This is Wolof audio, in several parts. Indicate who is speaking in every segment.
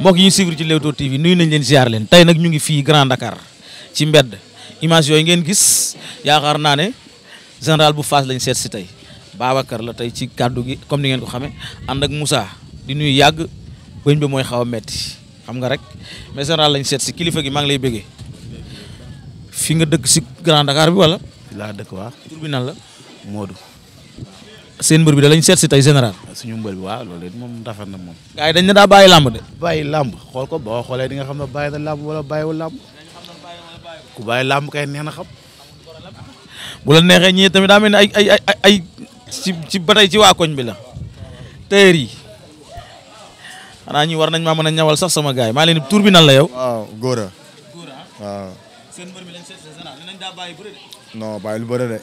Speaker 1: mbokk yi ñu suivre ci Leewtoo TV nuyu nañ leen ziar leen tey nag ñu ngi fii Grand Dakar ci mbedd image yooyu ngeen gis yaakaar naa ne général bu fas lañ seet si tey Babacar la tey ci kàddu gi comme ni ngeen ko xamee ànd ak Moussa di nuyu yàgg bëñ ba mooy xaw a metti xam nga rek mais général lañ seet si kilifa gi mag lay bëggee fi nga dëkk si Grand Dakar bi wala. laa dëkk waa tur la Modou. seen mbër bi da lañ seet si tey général. Ah, suñu mbër bi waaw loolu it moom rafet na moom. gars yi dañ ne daa bàyyi làmb de. bàyyi làmb xool ko boo xoolee di nga xam ne bàyyi na làmb wala bàyyiwul làmb ku bàyyi làmb kay na xam. bu la neexee ñii tamit daa mel ni ay ay ci ci ci waa koñ bi la. teer yi xanaa ñi war nañ maa mën a ñawal sax sama gars yi maa leen tur bi nan la yow. waaw
Speaker 2: Gora. de. lu bëre de.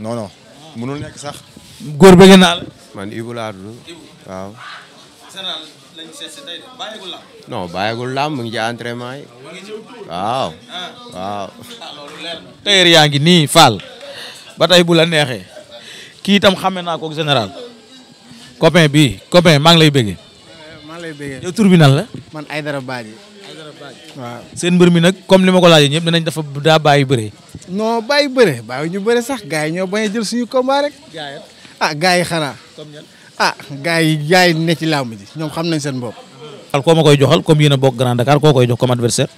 Speaker 2: non ah. góor bëgg naa la. man Ibou laa
Speaker 1: tudd waaw. non ngi ci entraînement yi waaw waaw. tey yaa ngi nii Fall ba tey bu la neexee kii itam xamee naa ko général copain bi copain maa ngi lay bëggee. maa ngi lay bëggee yow tur bi nan la. man Aïdara Badji. Aïdara Badji waaw. seen mbër mi comme li ma ko laajee ñëpp dinañ dafa daa bàyyi bëre.
Speaker 2: non bàyyi bëre bàyyi ñu bëre sax gars yi ñoo bañ a jël ah gars yi xanaa. ah gars yi gars yi ne ci làmb ji xam nañ seen bopp.
Speaker 1: al ma koy joxal comme yéen a bokk Grand Dakar koo koy jox comme adversaire.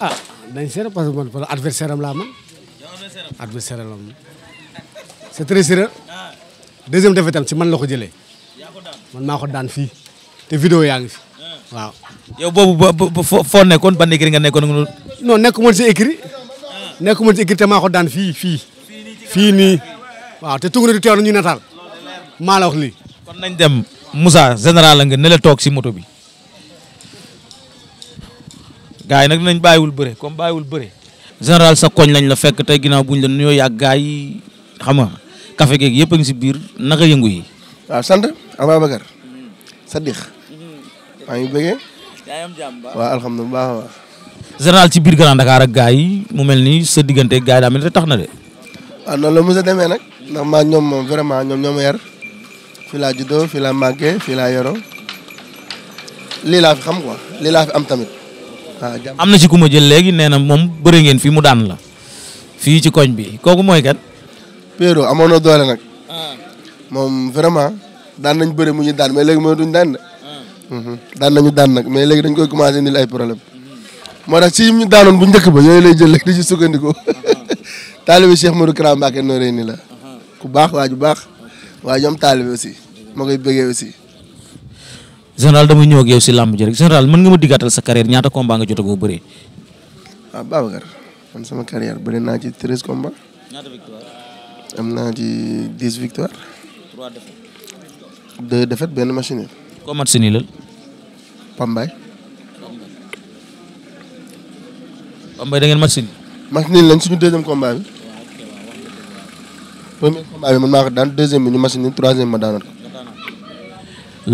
Speaker 2: ah dañ seet parce que man wala adversaire am laa man
Speaker 1: adversaire am c'est très sérieux ci man la ko jëlee man maa ko daan fii te vidéo yaa ngi fi waaw. yow boobu ba foo nekkoon ba écrit nga nekkoon. non nekkumoon ci écrit nekkumoon ci écrit te maa ko daan fii fii fii nii waaw te tukul di teew na ñu nataal. maa la wax kon nañ dem Moussa général la nga ne toog si moto bi. gars yi nag nañ bàyyiwul bëre comme bàyyiwul bëre. général sa koñ lañ la fekk tey ginnaaw buñ la nuyoo yàgg gars yi xam nga café geeg a ngi si biir naka yëngu yi. waaw sant
Speaker 2: Ababacar. Sadikh. maa ngi bëggee. waaw alhamdulilah
Speaker 1: général ci biir Grand Dakar ak yi mu mel ni sa diggante gars yi daa mel ni tax na de.
Speaker 2: waaw noonu la mos demee nag. ndax maa ñoom moom vraiment ñoom ñoo ma yar. fii laa juddoo fii laa màggee fii laa yoroo lii laa fi xam quoi lii laa fi am tamit waaw. am
Speaker 1: na ci ku ma jël léegi nee na moom bëri ngeen fi mu daan la fii ci koñ bi kooku
Speaker 2: mooy kat. Péro amoon nag. Ah. moom vraiment daan nañ bëri mu ñu daan mais léegi mënatuñ daan de. Ah. Mhm. daan nañu daan nag mais léegi dañ koy commencé indil ay problème moo tax si yim ñu daanoon bu njëkk ba yooyu lay jël léegi di ci sukkandiku ah. taalibi Cheikh Modou Kara Mbacké nooree ni la ku baax waa ju baax. waaye ñoom taalibe aussi ma koy bëggee aussi.
Speaker 1: général damay ñëw ak yow si làmb ji rek général mën nga ma diggaatal sa carrière ñaata combat nga
Speaker 2: jotagoo bëree. waaw ah, Babacar man sama carrière bëri naa ci treize combats. ñaata victoire. am naa ci dix victoire. benn machine. koo mat si nii Pambaay. Pambaay da ngeen mat si nii. mat si nii lañ premier combat bi man maa daan deuxième bi ñu machine ni ma daanat ko.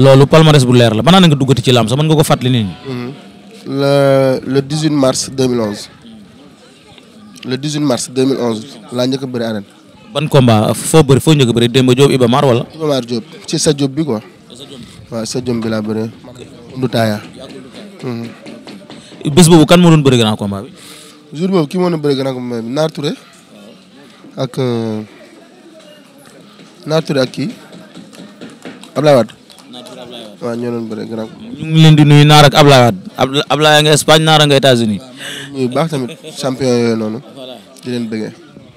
Speaker 1: loolu palmarès bu leer la banaan nga duggati ci lamb sax mën nga ko fàttali nit ñi.
Speaker 2: Mhm. le le 18 mars 2011. le 18 mars 2011 laa njëkk a bëri
Speaker 1: ban combat foo bëri foo njëkk a bëri Demba Iba Mar wala.
Speaker 2: Iba Mar Diop ci sa Diop bi quoi. waaw sa Diop bi laa bëree. Ndu Taaya. Mhm. bés boobu kan moo doon bëri grand combat bi. boobu ki moo doon bëri grand combat Naar Touré. Euh, naa tudd ak kii Ablaye Wade. naa tudd Ablaye Wade di nuyu Naar ak Ablaye Wade Ablaye nga Espagne
Speaker 1: Naar nga États-Unis
Speaker 2: baax tamit champion yooyu noonu. di leen bëggee.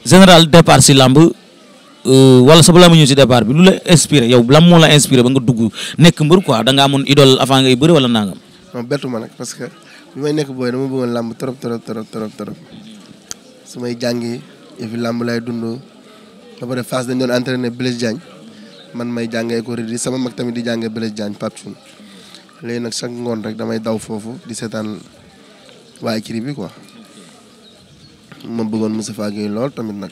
Speaker 2: général
Speaker 1: départ si làmb euh, wala sa balaa ma ñëw si départ bi lu la inspiré yow lan moo la inspiré ba nga dugg nekk mbër quoi a nga amoon idole avant ngay bëri wala nangam.
Speaker 2: non bettu ma nag parce que bi may nekk booy dama bëggoon làmb trop trop trop trop trop su may jàngi yëfi làmb lay dund. dafa def Fass dañ doon ne Blaise Diagne man may jàngee ko rëdd sama mag tamit di jàngee Blaise Diagne Pape Thioune nag chaque ngoon rek damay daw foofu di seetaan waa écurie bi quoi ma bëggoon Moustapha Gueye lool tamit nag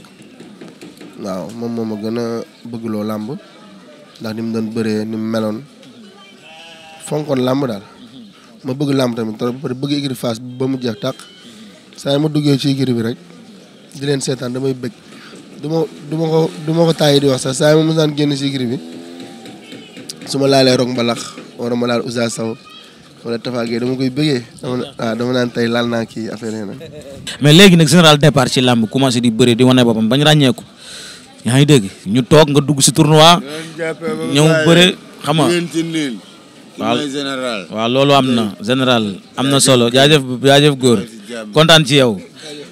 Speaker 2: waaw moom moom ma gën a bëggloo làmb ndax ni mu doon bëree ni mu meloon fonkoon làmb daal ma bëgg làmb tamit trop ba pare bëgg écurie Fass ba mu jeex tàq saa yi ma duggee ci écurie bi rek di leen seetaan damay bëgg. du ma du ma ko du ma ko tàyyi di wax sa saa yi ma saan génn si gri bi su ma laalee rog mbalax wala ma laal Ousa Sow wala Tafa Gueye dama koy bëggee dama waaw ah, naan tey laal naa kii affaire yi nag.
Speaker 1: mais léegi nag général départ ci làmb commencé di bëri di wane boppam bañ ràññeeku yaa ngi dégg ñu toog nga dugg si tournoi
Speaker 2: ñëw bëre xam
Speaker 1: nga waaw waaw loolu am na général am na solo jaajëf jaajëf góor kontaan ci yow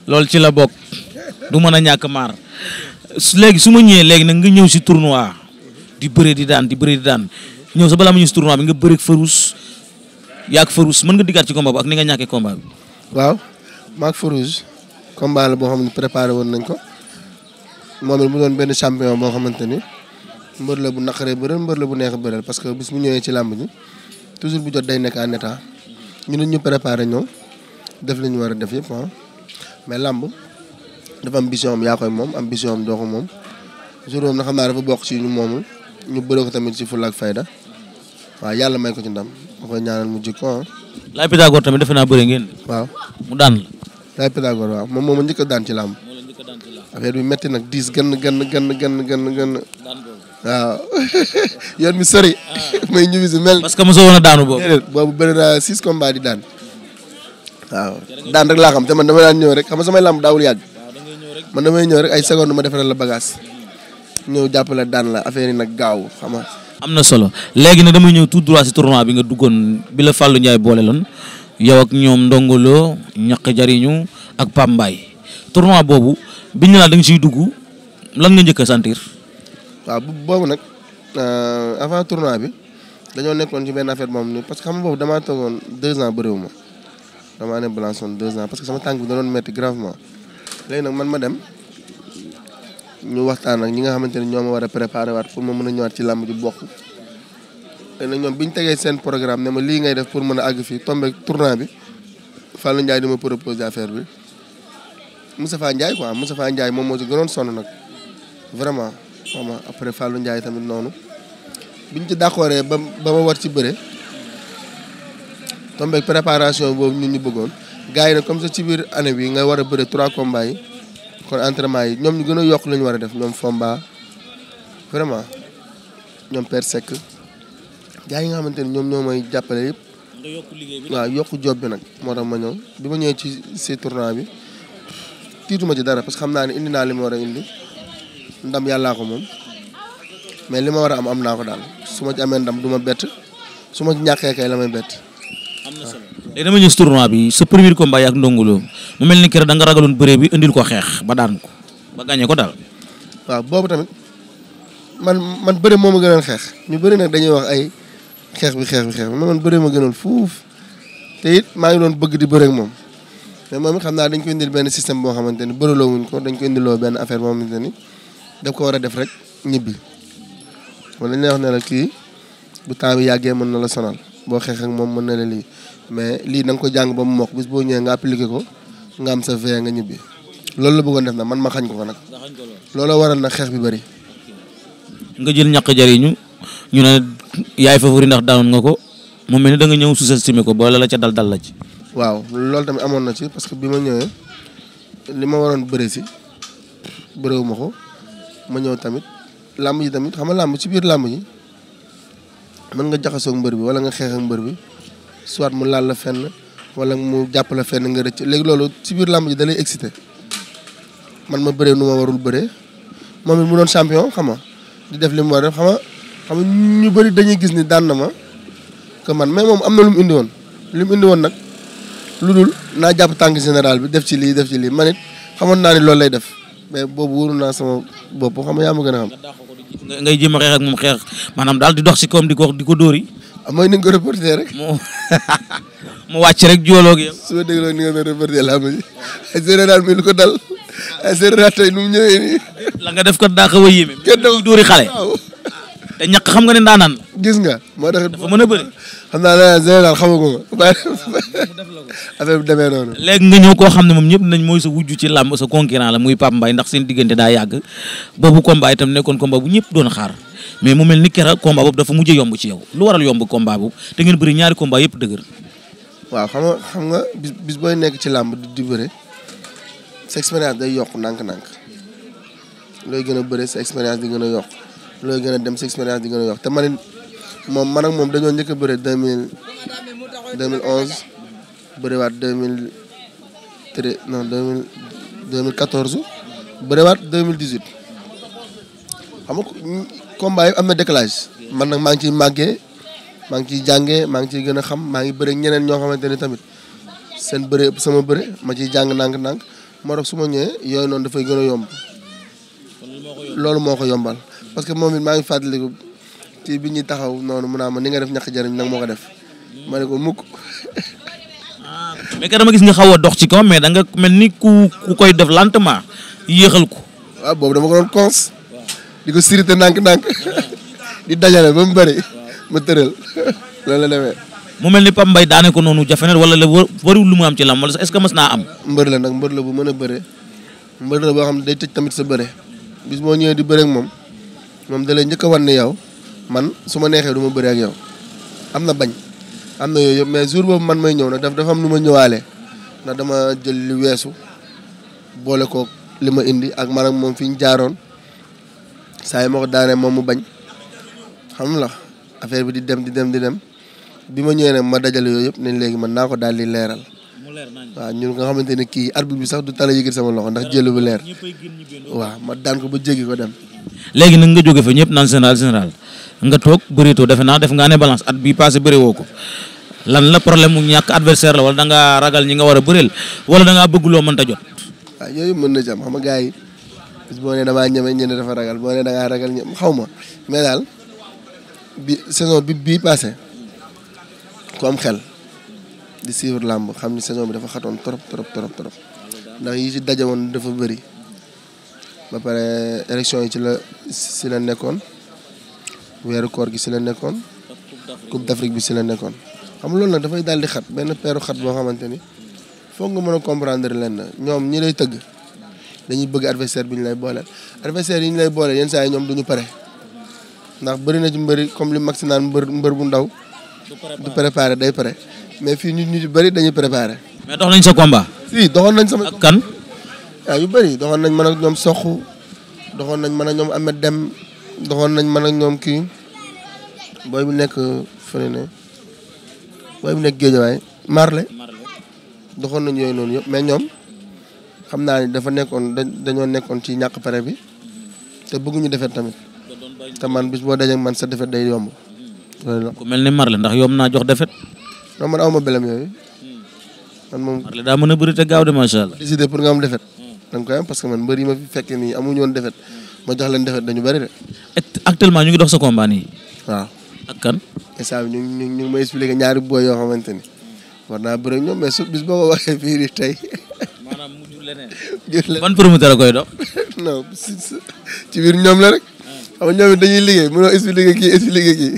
Speaker 1: loolu ci la bokk du mën a ñàkk maar léegi su ma ñëwee léegi nag nga ñëw si tournoi di bëree di daan di bëre di daan ñëw sa balaa ma ñëw si tournoi bi nga bëre Farouz yaa ak Farouz mën nga diggaat ci combat bi ak ni nga ñàkkee combat bi.
Speaker 2: waaw maak Farouz combat la boo xam ne préparé woon nañ ko moom mu doon benn champion boo xamante ni mbër la bu naqaree bëreel mbër la bu neex bëreel parce que bis mu ñëwee ci làmb ji toujours bu jot day nekk en état ñu ñu préparé ñëw def lañu war a def yëpp ah mais làmb. dafa am vision am yaa koy moom am vision am doo ko moom jour boobu nag xam naa dafa bokk ci ñu moomul ñu bëre ko tamit ci fulla ak fayda waaw yàlla may ko ci ndam ma koy ñaanal mu jikko ah. Laye Pythagore tamit defe naa bëre ngeen. waaw mu daan la. Laye Pythagore waaw moom moo ma njëkk a daan ci làmb. moo la njëkk a daan ci làmb. affaire bi métti nag diis gën gën gën gën gën gën. waaw yoon mi sori. Ah. may ñibbi si mel. parce que mosoo woon a daanu boobu. déedéet boobu bëri naa six combats di daan. waaw daan rek laa xam te man dama daan ñëw rek xam nga samay làmb daawul yàgg. man damay ñëw rek ay seconde ma defaral la bagaas ñëw jàppale daan la affaire yi nag gaaw xam
Speaker 1: am na solo léegi nag damay ñëw tout droit si tournoi bi nga duggoon bi la Fallou Ndiaye boole loon yow ak ñoom ndongolo ñaq jariñu ak Pape Mbaye tournoi boobu biñ ne laa da dugg lan nga njëkk a sentir.
Speaker 2: waaw boobu nag euh, avant tournoi bi dañoo nekkoon ci benn affaire moom ni parce que xam nga boobu damaa toogoon deux ans bëriwuma sama tànk bi da doon métti léegi nag man ma dem ñu waxtaan ak ñi nga xamante ne ñoo ma war a préparer waat pour ma mën a ñëwaat ci làmb ji bokk léegi nag ñoom bi ñu tegee seen programme ne ma lii ngay def pour mën a àgg fii tombé tournant bi Fallou Ndiaye di ma proposé affaire bi Moustapha Ndiaye quoi Moustapha Ndiaye moom moo ci gënoon sonn nag vraiment vraiment après Fallou Ndiaye tamit noonu biñ ci d'accordé ba ba ma war ci bëre tombé préparation boobu ñun ñu bëggoon. gars yi nag comme ça ci biir année bi nga war a bëre trois combats yi kon yi ñoom ñu gën a yokk la ñu war a def ñoom Fomba vraiment ñoom Père gars yi nga xamante ni ñoom ñoo may jàppale yëpp. liggéey bi waaw yokk bi nag. moo tax ma ñëw bi ma ñëwee ci si tournoi bi tiituma ci dara parce que xam naa ne indi naa li ma a indi ndam yàllaa ko moom mais li ma war a am am naa ko daal su ma ci amee ndam du ma bett su ma ci kay la may bett.
Speaker 1: am na léegi bi sa premier combat mel ni keroog da nga ragaloon bëree bi indil ko xeex ba daan ko
Speaker 2: ba gagné ko daal. waaw boobu tamit man man bëri moo ma gënoon xeex ñu bëri nag dañuy wax ay xeex bi xeex bi xeex bi man man bëri ma gënoon te it maa ngi doon bëgg di bëri moom. mais moom it xam naa dañ ko indil benn système boo xamante ni bëriloo wuñ ko dañ koy indiloo benn affaire boo xamante ni daf ko war a def rek ñibbi wala dañ lay wax ne la kii bu temps bi yàggee mën na la sonal. boo xeex ak moom mën na la lii mais lii da nga ko jàng ba mu mokk bis boo ñëwee nga appliqué ko nga am sa vee nga ñibbi loolu la bëggoon def na man ma xañ ko ko nag looloo waral nag xeex bi bari nga jël ñàkk jariñu ñu ne
Speaker 1: yaay favori ndax daanoon nga ko moom mel ni da nga ñëw sous-estimé ko ba la la ca dal dal la ci
Speaker 2: waaw loolu tamit amoon na ci parce que bi ma ñëwee li ma waroon bëre si bëréwu ma ko ma ñëw tamit làmb ji tamit xam nga làmb ci biir làmb ji mën nga jaxasoog mbër bi wala nga xeex ak mbër bi soit mu laal la fenn wala mu jàpp la fenn nga rëcc léegi loolu ci biir làmb ji da lay excité man ma bëree nu ma warul bëree moom mu doon champion xam nga di def li mu war def xam nga xam ñu bëri dañuy gis ni daan na ma que man mais moom am na lu mu indi woon lu mu indi woon nag lu dul naa jàpp tànk général bi def ci lii def ci lii man it xamoon naa ni loolu lay def mais boobu wóoru naa sama bopp xam nga yaa gën a xam
Speaker 1: ngay jéem a xeex ak moom xeex maanaam daal di dox si koom di ko di ko
Speaker 2: dóori. Ah, mooy ni ko reporté rek. mu mu wàcc rek juwaloo ak yow. su ma dégloo ni nga ko reporté laa ma ay séeréer mi lu ko dal ay séeréer tey nu mu ñëwee nii. la nga def kat daa xaw a yéeme. kenn dawul dóori te ñàkk xam nga ne ndaanaan la. gis nga moo tax. dafa mën a bëri. xam naa ne général xamagu ma demee noonu.
Speaker 1: léegi nga ñëw koo xam ne moom ñëpp nañ mooy sa wuj ci làmb sa concurrent la muy Pape Mbaye ndax seen diggante daa yàgg boobu combat itam nekkoon combat bu ñëpp doon xaar mais mu mel ni kera combat dafa mujj yomb ci yow lu waral yomb combat boobu
Speaker 2: te ngeen bëri ñaari
Speaker 1: combat yëpp dëgër.
Speaker 2: waaw xam nga xam nga bis bis booy nekk ci làmb di di bëre sa expérience day yokk nànk-nànk looy gën a bëre sa expérience di gën a yokk loolu gën a dem sa expérience di gën a yokk te man moom man nag moom dañoo njëkk a bëre deux mille deux mille onze bëriwaat deux mille treize non deux mille deux mille quatorze bëriwaat deux mille dix huit xam nga combat yi am na décalage man nag maa ngi ciy màggee maa ngi ciy jàngee maa ngi ciy gën a xam maa ngi bëre ñeneen ñoo xamante ni tamit seen bëre sama bëre ma ciy jàng ndànk-ndànk moo tax su ma ñëwee yooyu noonu dafay gën a yomb loolu moo ko yombal parce que moom it maa ngi fàttaliku ci bi ñuy taxaw noonu mu naa ma ni nga def ñàkk jariñ nag moo ko def ma ne ko mukk mais que dama gis nga
Speaker 1: xaw a dox ci kaw mais da nga mel ni ku ku koy def lentement yéexal ko. waaw boobu dama ko
Speaker 2: doon cons di ko sirite ndànk-ndànk di dajale ba mu bëri ma tëral loolu la demee. mu mel ni Pape Mbaye
Speaker 1: daane ko noonu jafe na wala la wariwul lu mu am ci lam wala
Speaker 2: est-ce que mas naa am. mbër la nag mbër la bu mën a bëre mbër la boo xam ne day tëj tamit sa bëre bis boo ñëwee di bëre moom. moom da lay njëkk wan ni yow man su ma neexee du ma bëri ak yow am na bañ am na yooyu yëpp mais jour boobu man may ñëw nag daf dafa am lu ma ñëwaale ndax dama jël li weesu boole kook li ma indi ak man moom fi ñu jaaroon saa yi ma ko daanee moom mu bañ xam la affaire bi di dem di dem di dem bi ma ñëwee ne ma dajale yooyu yëpp nañ léegi man naa ko daal di leeral waa ñun nga xamante ne kii arbitre bi sax du tala yëgit sama loxo ndax jël bu leer waa ma daan ko ba jéggi ko dem
Speaker 1: léegi nag nga jóge fa ñëpp naan général général nga toog bëreetoo defe naa def nga ne balance at bi passé bëree woo ko lan la problème mu ñàkk adversaire la wala dangaa ragal ñi nga war a bëreel wala dangaa bëgg loo mënta jot.
Speaker 2: waaw ah, yooyu mën na ci am xam nga yi boo nee damaa ñeme ñeneen dafa ragal boo nee da ngaa ragal xaw ma mais daal saison bi bii passé ku am xel di suivre làmb xam ni saison bi dafa xatoon trop trop trop ndax yi daje woon dafa bëri. ba pare élection yi ci la si la nekkoon weeru koor gi si la nekkoon. coupe d'Afrique bi si la nekkoon. xam nga loolu nag dafay daal di xat benn peeru xat boo xamante ni foog nga mën a comprendre leen ñoom ñi lay tëgg dañuy bëgg adversaire bi ñu lay booleel. adversaire yi ñu lay booleel yenn sax yi ñoom du ñu pare ndax bëri na ci mbëri comme li mag si naan mbër mbër bu ndaw. du préparé day pare mais fii ñu ñu bëri dañuy préparé.
Speaker 1: mais sa combat.
Speaker 2: waaw bari bëri doxoon nañ mën a ñoom soxu doxoon nañ man ak ñoom Amed Dem doxoon nañ mën ak ñoom kii booy bu nekk fële ne booy bu nekk géejawaay Marle doxoon nañ yooyu noonu yëpp mais ñoom xam naa ni dafa nekkoon dañoo nekkoon ci ñàkk pare bi te bëgguñu defet tamit te man bis boo dajee man sa defet day yomb loolu la
Speaker 1: ku mel ni Marle ndax yomb naa jox defet
Speaker 2: non man awma belem yooyu hmm. man moom Marle daa mën a bëri te gaaw de macha allah décidé pour nga am defet danga parce que man mbër yi ma fi fekkee nii woon defet ma jox leen defet dañu bëri de.
Speaker 1: actuellement ñu ngi dox sa combat nii. waaw
Speaker 2: ak kan. instant ñu ngi ñu ngi may expliqué ñaari booy yoo xamante ni war naa bëri ñoom mais su bis boo waxee fii nii tey. maanaam mu jur leneen. jur leneen ban promoteur koy dox. non ci biir ñoom la rek. xam nga ñoom dañuy liggéey mënoo expliqué kii expliqué kii.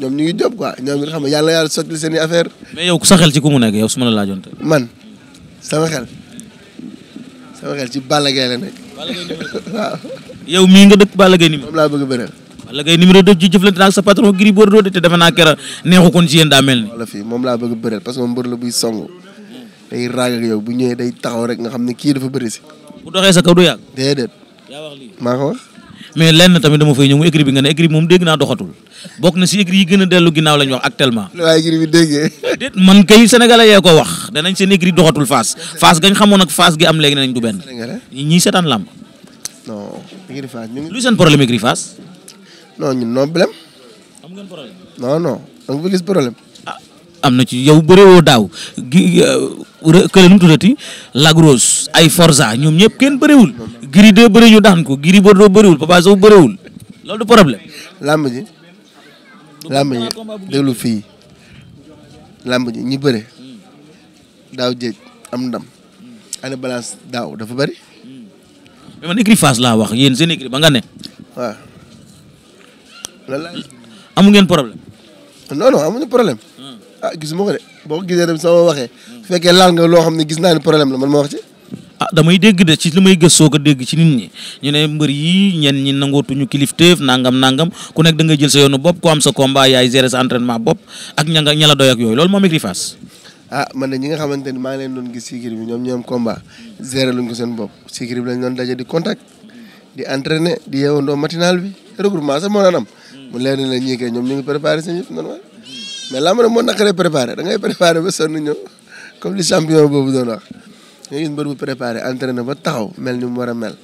Speaker 2: ñoom ñu ngi job quoi ñoom it xam nga yàlla yàlla sotti seen i affaire
Speaker 1: mais yow sa xel ci ku mu nekk yow su ma la
Speaker 2: man sama xel. sama xel ci Balla Gaye la nekk. waaw.
Speaker 1: yow mii nga dëkk Balla Gaye numéro. moom laa bëgg a bëreel. Balla Gaye numéro dëkk ci jëflante naa ak sa patron Gris Bordeaux te defe naa keroog neexu kon ci yéen daa mel ni.
Speaker 2: moom laa bëgg a bëreel parce que moom mbër yow bu ñëwee day taxaw rek nga xam ne kii dafa bëri si. bu doxee sa kaw du
Speaker 1: mais lenn tamit dama fay ñëw mu écrit bi nga ne écrit bi moom dégg naa doxatul bokk na si écrit yi gën a dellu ginnaaw la wax actuellement. man kay sénégalais yee ko wax danañ seen écrit doxatul Fass Fass gañ xamoon ak Fass gi am léegi nañ du benn. ñii seetaan làmb.
Speaker 2: ngi. lu seen problème écrit Fass. non ñun non problème. am ngeen problème. non non da ah,
Speaker 1: am na ci yow bëreewoo daaw gi
Speaker 2: euh,
Speaker 1: kële nu mu tuddati Lagrosse ay Forza ñoom ñëpp kenn bëreewul. Gris 2 bëri ñu daan ko Gris Bordeaux bëriwul Papa Sow bëriwul
Speaker 2: loolu du problème. làmb ji làmb ji déglu fii làmb ji ñi bëre daaw jéeg am ndam année balance daaw dafa bëri. mais man
Speaker 1: écurie Fass laa wax yéen
Speaker 2: ba nga ne. waaw. lan la amu ngeen problème. non non amuñu problème. Hmm. ah gisuma ko de boo ko gisee dem sama waxee. su fekkee laal gis naa ne problème la man ma wax
Speaker 1: dama dégg de ci ma may gëstoo ko dégg ci nit ñi ñu ne mbër yi ñen ñi nangootuñu kilifteef nangam nangam ku nekk da nga jël sa yoonu bopp ku am sa combat yaay gérer sa entraînement bopp ak ña nga ña la doy ak yooyu loolu moom écurie Fass
Speaker 2: ah man de ñi nga xamante ni maa ngi leen doon gis si écurie bi ñoom ñoom combat gérer luñ ko seen bopp si écurie bi lañ doon daje di contact di entraîner di yeewandoo matinal bi regroupement sax moo daan am na la ñii ñu ngi ne préparé da ngay préparé ba sonn ñëw comme li champion boobu doon nga gis mbër bu préparé entraîné taxaw mel ni mu war a mel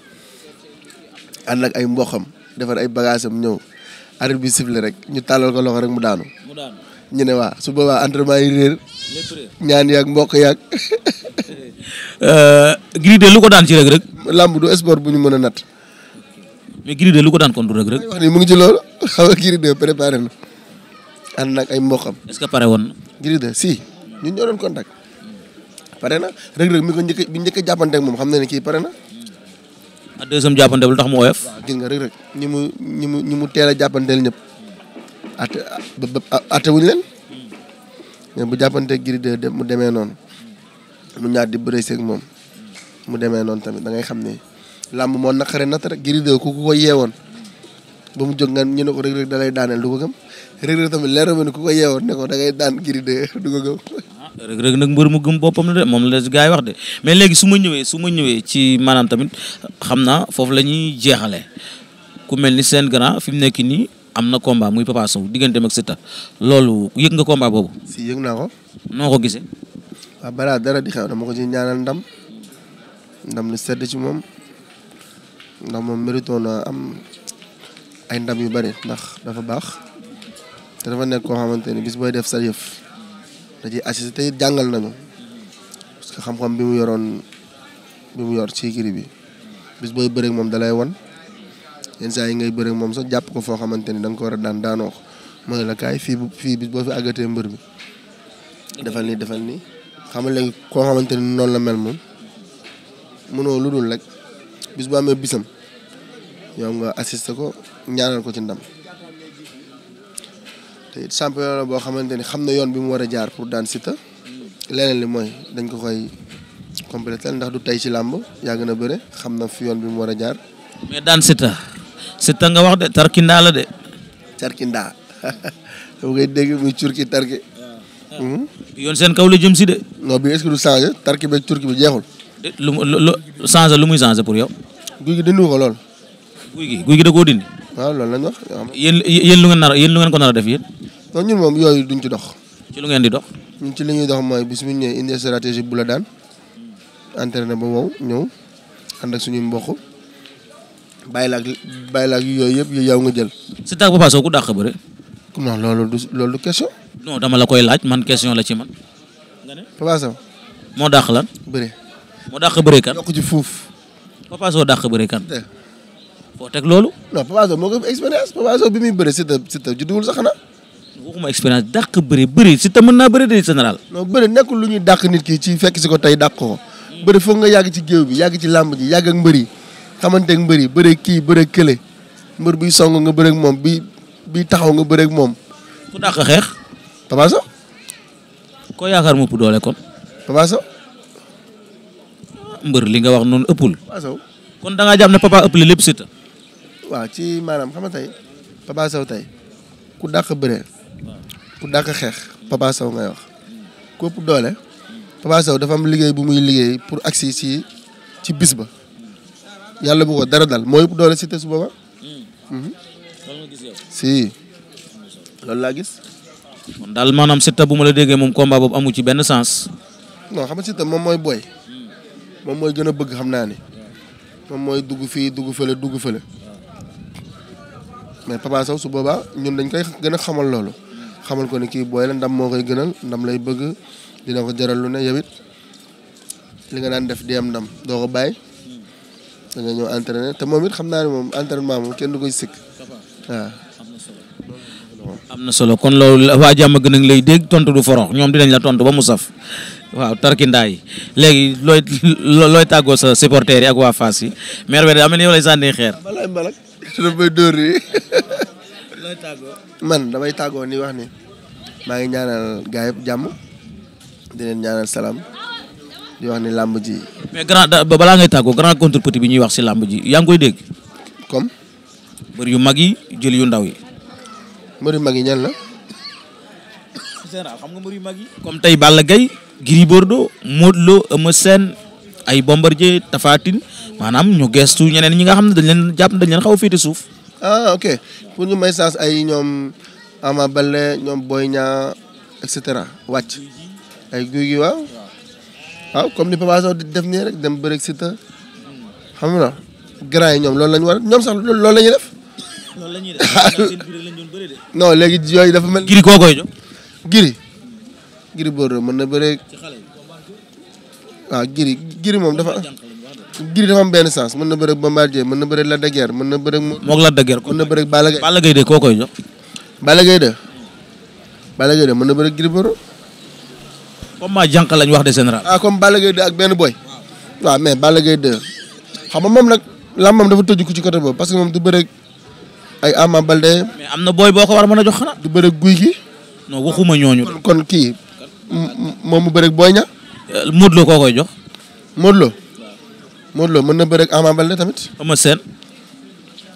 Speaker 2: ànd ay mboxam defar ay bagages am ñëw arbitre rek ñu tàllal ko loxo rek mu daanu. mu daanu ñu ne su boobaa entraînement yi réer. ñaan yaag mboq yaag. Euh, Gris de lu ko daan ci rek rek. làmb du sport bu ñu mën a natt. mais de lu ko daan kon du rek rek. wax ni mu ngi ci loolu xaw ma Gris de préparé na ànd ay mboqam. est que pare woon na. si ñun ñoo doon contact. pare na rëg-rëg mi ko njëkk bi njëkk a jàppante ak moom xam na ne kii pare na. ah deuxième jàppante tax mu woyof. waaw nga rëg-rëg ñi mu ñi mu ñi mu teel a jàppanteel ñëpp. at bu jàppanteeg Gris de mu demee noonu. mu ñaar di bëre seeg moom. mu demee noonu tamit da ngay xam ne làmb moo naqare natt rek Gris ku ko yeewoon. ba mu jóg nga ñu ne ko rëg-rëg da daaneel du ko gëm rëg-rëg tamit leer na ku ko yeewoon ne ko da daan Gris de du ko
Speaker 1: Reug rek nag mbër mu gëm boppam la de moom la gaa yi wax de mais léegi su ma ñëwee su ma ñëwee ci maanaam tamit xam naa foofu lañuy jeexale ku mel ni seen grand fi mu nekk nii am na combat muy Papa Sow digganteem ak Siteu loolu yëg nga combat boobu.
Speaker 2: si yëg naa ko. noo ko gisee. waaw ah, balaa ko ci ñaanal ndam ndam lu sedd ci moom ndax moom méritoon am ay ndam yu bari ndax dafa baax te dafa nekk koo xamante ni bis booy def sa yëf. da ciy assister te it jàngal nañu parce que xam-xam bi mu yoroon bi mu yor ci bi bis booy bëreek moom dalay wan yenn saa yi ngay bëreeg moom sax jàpp ko foo xamante ni da nga ko war a daan daanoo mooy la kaay fii fii bis boo fi àggatee mbër bi defal nii defal ni xam nga koo xamante ni noonu la mel moom mënoo lu dul rek bis bu amee bisam yow nga assister ko ñaanal ko ci ndam. te it la boo xamante ni xam na yoon bi mu war a jaar pour daan Siteu leneen li mooy dañ ko koy complété ndax du tey ci làmb yàgg na bëre xam na fi yoon bi mu war a jaar.
Speaker 1: mais daan Siteu Siteu nga wax de tarkindaa la de.
Speaker 2: tarkindaa dama koy dégg muy turki tarki. Ah. Hmm? yoon seen kaw la jëm si de. non bi est-ce
Speaker 1: tarki beeg turki bu jeexul. lu mu lu lu muy changé pour yow. guy gi dindi ko lool. guy gi da koo dindi. waaw loolu lañ wax. yéen yéen lu ngeen nar lu ngeen ko nar def yéen.
Speaker 2: non ñun moom yooyu duñ ci dox. ci lu ngeen di dox. ñun ci li ñuy dox mooy bis bu ñu ñëwee indi stratégie bu la daan entraîné ba wow ñëw ànd ak suñuy mboq bàyyi la ak la ak yooyu yëpp yow nga jël. si taag Papa Sow ku dàq bëre. non loolu du loolu du question.
Speaker 1: non dama la koy laaj man question la ci man.
Speaker 2: nga ne Papa Sow. moo dàq moo dàq bëre kan. yokk ci fuuf. Papa Sow dàq bëre kan. foo teg te si
Speaker 1: waxuma expérience dàq bëri bëri si te mën naa bëri de général.
Speaker 2: non bëri nekkul lu ñuy dàq nit ki ci fekk si ko tey dàq ko bëri nga yàgg ci géew bi yàgg ci làmb ji yàgg ak mbëri xamante ak mbëri bëri kii bëri kële mbër biy song nga bëri ak moom bi bi taxaw nga bëri moom. ku dàq xeex. Papa Sow. koo yaakaar mu doole kon. Papa Sow.
Speaker 1: mbër li nga wax noonu ëppul. Papa kon da ngaa jàpp ne papa ëpp li lépp Siteu.
Speaker 2: waaw ci maanaam xam nga tey Papa Sow tey ku dàq bëre. pour dàq xeex Papa Sow ngay wax ku doole Papa Sow dafa am liggéey bu muy liggéey pour agsi ci ci bis ba yàlla bu dara dal moo ëpp doole Siteu su booba si loolu laa gis
Speaker 1: kon daal maanaam Siteu bu ma la déggee moom combat boobu amu ci benn sens
Speaker 2: non xam nga Siteu moom mooy booy hmm. moom mooy gën a bëgg xam naa ni moom mooy dugg fii dugg fële dugg fële hmm. mais Papa Sow su boobaa ñun dañ koy gën a xamal loolu xamal ko ni kii booy la ndam moo koy gënal ndam lay bëgg dina ko jaral lu ne yow li nga daan def di am ndam doo ko bàyyi da nga ñëw entraîner te moom xam naa ne moom entraînement moom kenn du koy sikk waaw. am na solo
Speaker 1: kon loolu waa jàmm gën a ngi lay dégg tontu du forox ñoom dinañ la tontu ba mu saf waaw tarkindaa yi léegi looy looy tàggoo sa supporters yi ak waa Fass yi maire bi daa mel ni yow lay xeer.
Speaker 2: balay mbalak dina may yi man damay tàggoo ni wax ni maa ngi ñaanal gaa yëpp jàmm di leen ñaanal salaam di wax ni làmb ji.
Speaker 1: mais grand bala ngay tàggoo grand contre bi ñuy wax si lamb ji yaa ngi koy dégg. comme. mbër yu mag yi jël yu ndaw yi.
Speaker 2: mbër yu mag yi ñan la.
Speaker 1: général xam nga mbër yu mag yi. comme tey Balla Gaye Gris Bordeaux Modou Lo Eumeu Sène ay Bombardier Tapha Tine maanaam ñu gestu ñeneen ñi nga xam ne dañ leen jàpp
Speaker 2: dañ xaw a féete suuf. ah ok pour ñu may chance ay ñoom Ama Baldé ñoom Boy Niang et cetera wàcc ay guy gi waaw waaw comme ni Papa Sow di def nii dem bëri Siteu xam nga grand yi ñoom loolu la ñu war ñoom sax loolu la ñuy def. loolu la ñuy def non léegi yooyu dafa mel. giri koo koy jox. giri giri boobu mën na bëree. waaw giri giri moom dafa. Gris dafa am benn sens mën na bëre ak Bombardier mën na bëre ak Lac de mën na bëre ak. moog Lac de Guiers mën na bëre ak Balla koo koy jox. Balla de. Balla Gaye de mën na bëre ak Gris Bordeaux.
Speaker 1: comme maa jànq lañ wax de général.
Speaker 2: ah comme Balla Gaye de ak benn booy waa mais Balla Gaye de xam nga moom nag làmbam dafa tëju ko ci côté boobu parce que moom du bëre ak ay Ama Baldé. mais am na booy boo ko war a mën a jox xanaa. du bëre guy gi. non waxuma ñooñu. kon kii moom mu bëre ak Boy Niang. Euh, Modou koo koy jox. Modou Modou Lo mën na bëre ak Ama Baldé tamit. Eumeu Sène.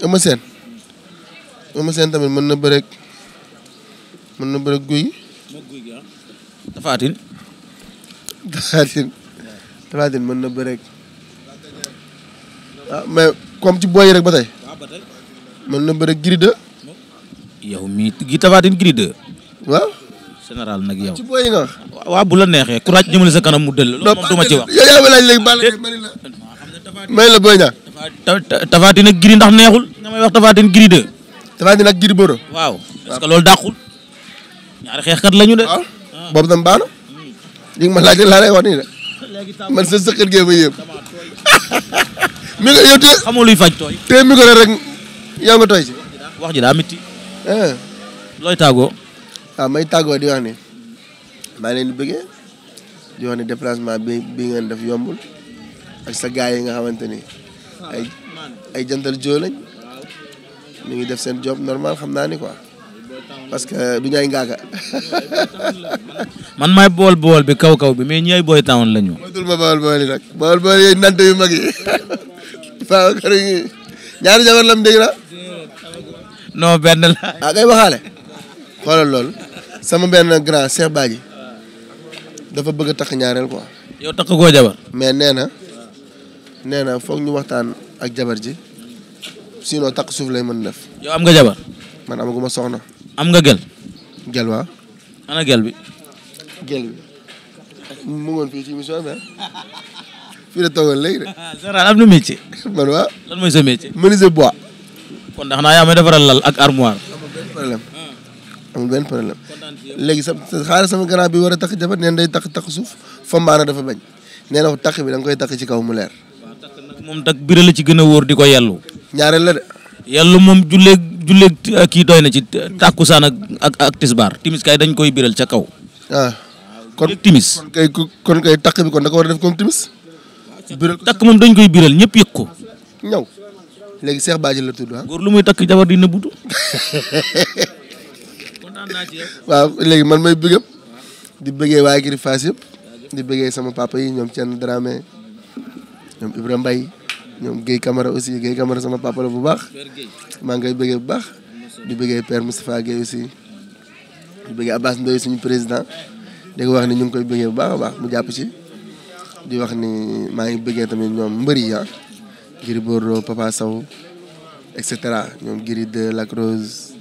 Speaker 2: Eumeu Sène. tamit mën na bëre ak mën na bëre ak ah. mën na bëre ak ah ci booy rek ba tey. Ah, na bëre ak Gris mi yow mii gi Tapha nag
Speaker 1: yow ci booy nga. waaw bu neexee courage jëmale sa kanam mu dëll. loolu moom du ma may la Boy Niang. Tapha Tine ak Gris ndax
Speaker 2: neexul nga may wax Tapha Tine Gris 2. Tapha Tine ak Gris Bordeaux. waaw est-ce que loolu dàqul. ñaari xeexkat la ñu de. waaw ah, boobu tam baax na. li nga ma laaj laa lay wax nii de. man sa ma yëpp. mi nga yow tey xamoo luy faj tooy. tey mi nga rek yow nga wax ji daa métti. Eh. looy tàggoo. Ah, may tàggoo di wax ni maa ngi leen di bi ngeen def yombul. ak sa gaay yi nga xamante ni ay ay jantal joo lañ ñu ngi def seen job normal xam naa ni ko parce que du ñu ay ngaaga
Speaker 1: man maay bool bool bi kaw kaw bi mais ñi ay boy town la ñu.
Speaker 2: moytul ma bool bool yi nag bool bool yooyu nante yu mag ñaari jabar lam dégg na. non benn la. ah kay waxaale xoolal loolu sama benn grand Cheikh Badji dafa bëgg a takk ñaareel quoi.
Speaker 1: yow takk koo jabar.
Speaker 2: mais nee na. nee na foog ñu waxtaan ak jabar ji sinon takk suuf lay mën def. yow am nga jabar. man amaguma soxna. am nga gel. gel waa. ana gel bi. gel bi mu ngoon fii ci émission bi ah. fii la toogoon léegi de.
Speaker 1: général am na métier. man waa. lan mooy sa métier. menuisier bois.
Speaker 2: kon ndax naa yaa may defaral lal ak armoire. amul benn problème. Ah. amul benn problème léegi sa xaaral sama grand bi war a takk jabar neen day takk takk suuf fa mbaana dafa bañ nee na takk bi da nga koy takk ci kaw mu leer.
Speaker 1: moom tak bira la ci gën a wóor di ko yellu ñaareel la de yellu moom julleeg julleeg kii doy na ci tàkkusaan ak ak ak tisbaar timis kay dañ koy biral ca kaw
Speaker 2: ah. kon timis kon kay kon kay takk kon da def comme timis biral takk moom dañ koy biral ñëpp yëg ko ñëw léegi Cheikh Badji la tudd ah góor lu muy takk jabar di nëbbutu waaw léegi man may bëggam di bëggee waa Giri Fass yëpp di bëggee sama papa yi ñoom ceen Dramé ñoom Ibra Mbaye ñoom Guèye Camara aussi Guèye Camara sama papa bu baax maa ngi koy bëggee bu baax di bëggee père Moustapha Guèye aussi di bëggee Abbas Ndoye suñu président di wax ni ñu ngi koy bëggee bu baax a baax jàpp ci di wax ni maa ngi bëggee tamit ñoom mbëri yi ah Gris Papa Sow et cetera ñoom Gris de Lac Rose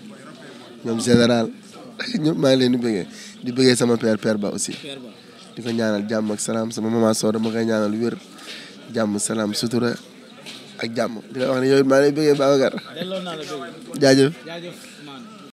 Speaker 2: ñoom général ñoom maa ngi leen di bëggee di bëggee sama père per ba aussi di ko ñaanal jàmm ak salaam sama maman Sow dama ñaan ñaanal wér jàmm salaam sutura ak jàmm di la
Speaker 1: wax ne